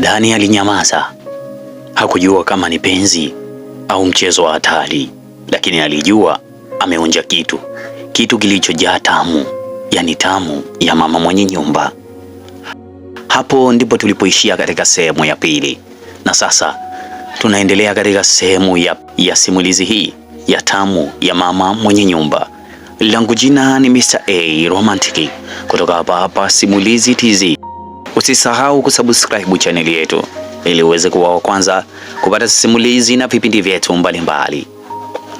Dani alinyamaza. Hakujua kama ni penzi au mchezo wa hatari, lakini alijua ameonja kitu, kitu kilichojaa tamu, yani tamu ya mama mwenye nyumba. Hapo ndipo tulipoishia katika sehemu ya pili, na sasa tunaendelea katika sehemu ya, ya simulizi hii ya tamu ya mama mwenye nyumba. Langu jina ni Mr. A Romantic kutoka hapa hapa Simulizi Tz. Usisahau kusubscribe chaneli yetu ili uweze kuwa wa kwanza kupata simulizi na vipindi vyetu mbalimbali.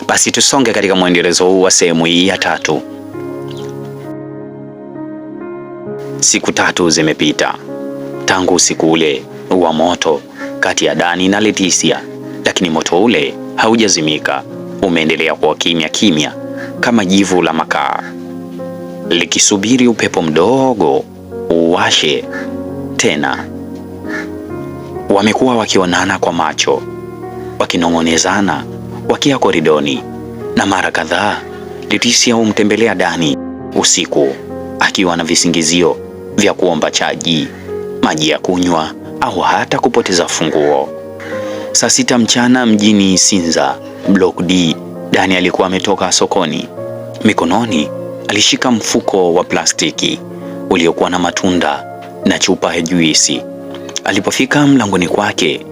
Basi tusonge katika mwendelezo huu wa sehemu hii ya tatu. Siku tatu zimepita tangu usiku ule wa moto kati ya Dani na Leticia, lakini moto ule haujazimika, umeendelea kuwa kimya kimya kama jivu la makaa likisubiri upepo mdogo uwashe tena. Wamekuwa wakionana kwa macho, wakinong'onezana wakia koridoni, na mara kadhaa Leticia humtembelea Dani usiku akiwa na visingizio vya kuomba chaji, maji ya kunywa au hata kupoteza funguo. Saa sita mchana mjini Sinza, Block D, Dani alikuwa ametoka sokoni. Mikononi alishika mfuko wa plastiki uliokuwa na matunda na chupa ya juisi. Alipofika mlangoni kwake,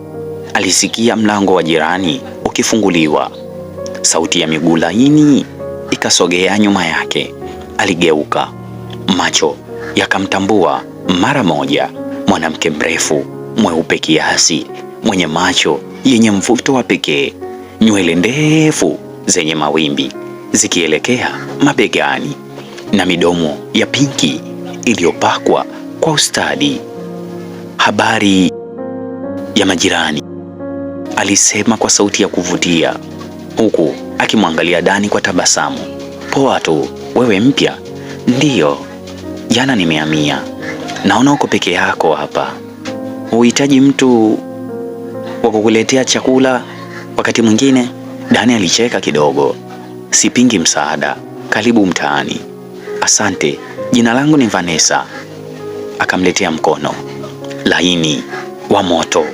alisikia mlango wa jirani ukifunguliwa. Sauti ya miguu laini ikasogea nyuma yake. Aligeuka, macho yakamtambua mara moja, mwanamke mrefu mweupe kiasi, mwenye macho yenye mvuto wa pekee, nywele ndefu zenye mawimbi zikielekea mabegani na midomo ya pinki iliyopakwa kwa ustadi. Habari ya majirani, alisema kwa sauti ya kuvutia, huku akimwangalia Dani kwa tabasamu. Poa tu, wewe mpya? Ndiyo, jana nimehamia. Naona uko peke yako hapa, huhitaji mtu wa kukuletea chakula wakati mwingine? Dani alicheka kidogo. Sipingi msaada, karibu mtaani. Asante, jina langu ni Vanessa, akamletea mkono laini wa moto.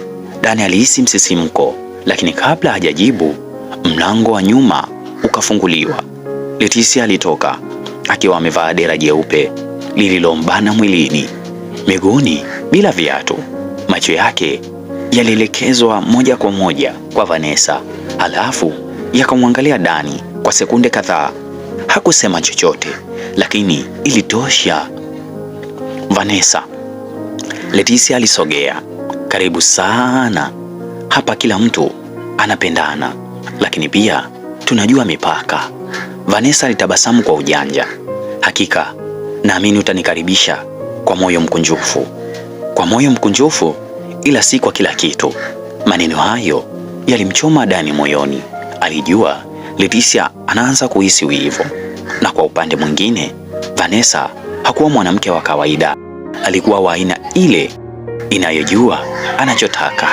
Dani alihisi msisimko, lakini kabla hajajibu mlango wa nyuma ukafunguliwa. Leticia alitoka akiwa amevaa dera jeupe lililombana mwilini, miguuni bila viatu. Macho yake yalielekezwa moja kwa moja kwa Vanessa, halafu yakamwangalia Dani kwa sekunde kadhaa. Hakusema chochote, lakini ilitosha Vanessa. Leticia alisogea karibu sana. Hapa kila mtu anapendana, lakini pia tunajua mipaka. Vanessa alitabasamu kwa ujanja. Hakika naamini utanikaribisha kwa moyo mkunjufu, kwa moyo mkunjufu, ila si kwa kila kitu. Maneno hayo yalimchoma Dani moyoni. Alijua Leticia anaanza kuhisi wivu, na kwa upande mwingine Vanessa hakuwa mwanamke wa kawaida alikuwa wa aina ile inayojua anachotaka.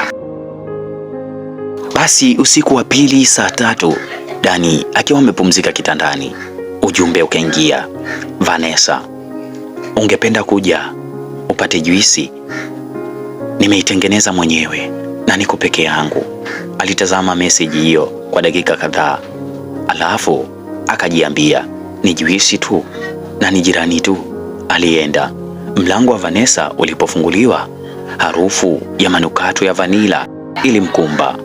Basi usiku wa pili saa tatu, Dani akiwa amepumzika kitandani, ujumbe ukaingia: Vanessa, ungependa kuja upate juisi? Nimeitengeneza mwenyewe na niko peke yangu. Alitazama meseji hiyo kwa dakika kadhaa, alafu akajiambia ni juisi tu na ni jirani tu. Alienda Mlango wa Vanessa ulipofunguliwa, harufu ya manukato ya vanila ilimkumba.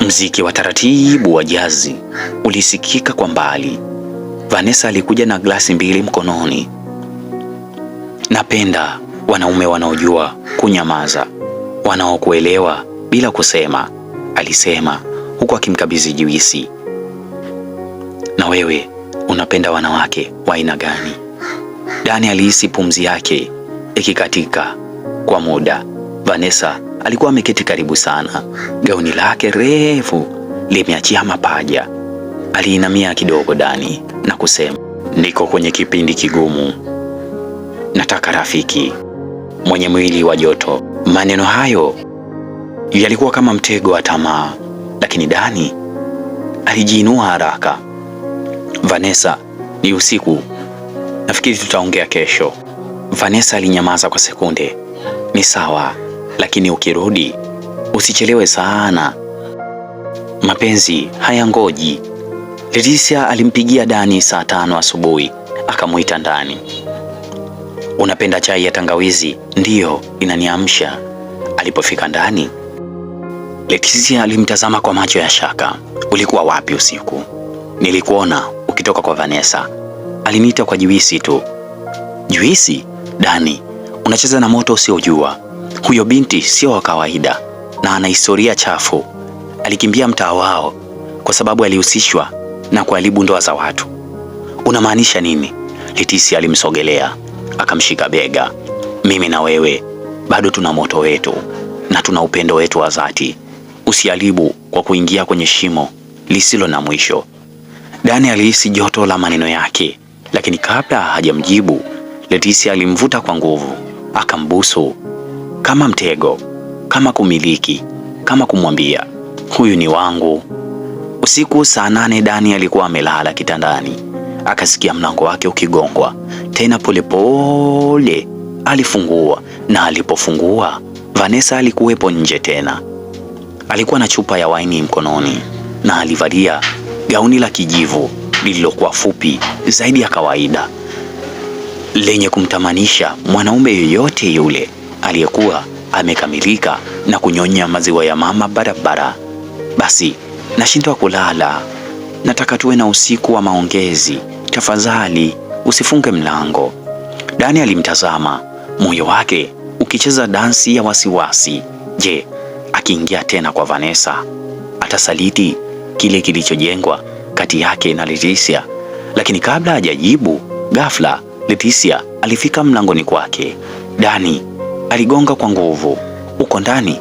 Mziki wa taratibu wa jazi ulisikika kwa mbali. Vanessa alikuja na glasi mbili mkononi. Napenda wanaume wanaojua kunyamaza, wanaokuelewa bila kusema, alisema huku akimkabidhi juisi. Na wewe unapenda wanawake wa aina gani? Dani alihisi pumzi yake ikikatika kwa muda. Vanessa alikuwa ameketi karibu sana, gauni lake refu limeachia mapaja. Aliinamia kidogo Dani na kusema, niko kwenye kipindi kigumu, nataka rafiki mwenye mwili wa joto. Maneno hayo yalikuwa kama mtego wa tamaa, lakini Dani alijiinua haraka. Vanessa, ni usiku, nafikiri tutaongea kesho. Vanessa alinyamaza kwa sekunde. Ni sawa, lakini ukirudi usichelewe sana, mapenzi haya ngoji Leticia alimpigia Dani saa tano asubuhi akamwita ndani. Unapenda chai ya tangawizi? Ndiyo, inaniamsha. Alipofika ndani, Leticia alimtazama kwa macho ya shaka. Ulikuwa wapi usiku? Nilikuona ukitoka kwa Vanessa, aliniita kwa juisi tu. Juisi? Dani, unacheza na moto usiojua. Huyo binti sio wa kawaida na ana historia chafu. Alikimbia mtaa wao kwa sababu alihusishwa na kuharibu ndoa za watu. Unamaanisha nini? Letisia alimsogelea akamshika bega. Mimi na wewe bado tuna moto wetu na tuna upendo wetu wa dhati. Usiharibu kwa kuingia kwenye shimo lisilo na mwisho. Dani alihisi joto la maneno yake, lakini kabla hajamjibu Leticia alimvuta kwa nguvu, akambusu kama mtego, kama kumiliki, kama kumwambia huyu ni wangu. Usiku saa nane Dani alikuwa amelala kitandani, akasikia mlango wake ukigongwa tena polepole. Alifungua na alipofungua, Vanessa alikuwepo nje tena. Alikuwa na chupa ya waini mkononi na alivalia gauni la kijivu lililokuwa fupi zaidi ya kawaida lenye kumtamanisha mwanaume yoyote yule aliyekuwa amekamilika na kunyonya maziwa ya mama barabara. Basi nashindwa kulala, nataka tuwe na usiku wa maongezi, tafadhali usifunge mlango. Dani alimtazama, moyo wake ukicheza dansi ya wasiwasi. Je, akiingia tena kwa Vanessa atasaliti kile kilichojengwa kati yake na Leticia? Lakini kabla hajajibu, ghafla Leticia alifika mlangoni kwake. Dani aligonga kwa nguvu. Uko ndani?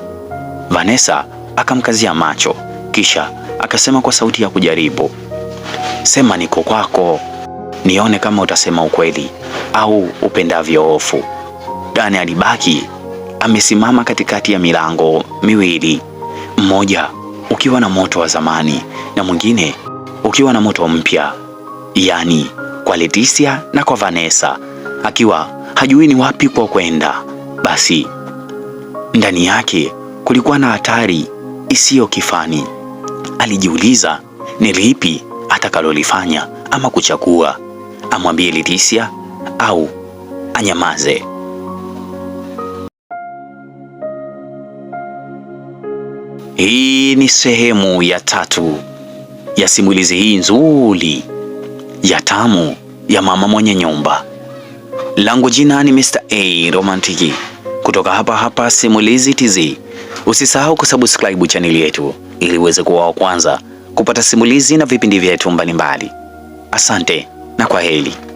Vanessa akamkazia macho kisha akasema kwa sauti ya kujaribu, sema niko kwako, nione kama utasema ukweli au upendavyo hofu. Dani alibaki amesimama katikati ya milango miwili, mmoja ukiwa na moto wa zamani na mwingine ukiwa na moto mpya, yaani kwa Leticia na kwa Vanessa akiwa hajui ni wapi kwa kwenda. Basi ndani yake kulikuwa na hatari isiyo kifani. Alijiuliza ni lipi atakalolifanya, ama kuchagua amwambie Leticia au anyamaze. Hii ni sehemu ya tatu ya simulizi hii nzuri ya tamu ya mama mwenye nyumba. Langu jina ni Mr. A Romantiki kutoka hapa hapa Simulizi Tz. Usisahau kusubscribe chaneli yetu ili uweze kuwa wa kwanza kupata simulizi na vipindi vyetu mbalimbali. Asante na kwa heri.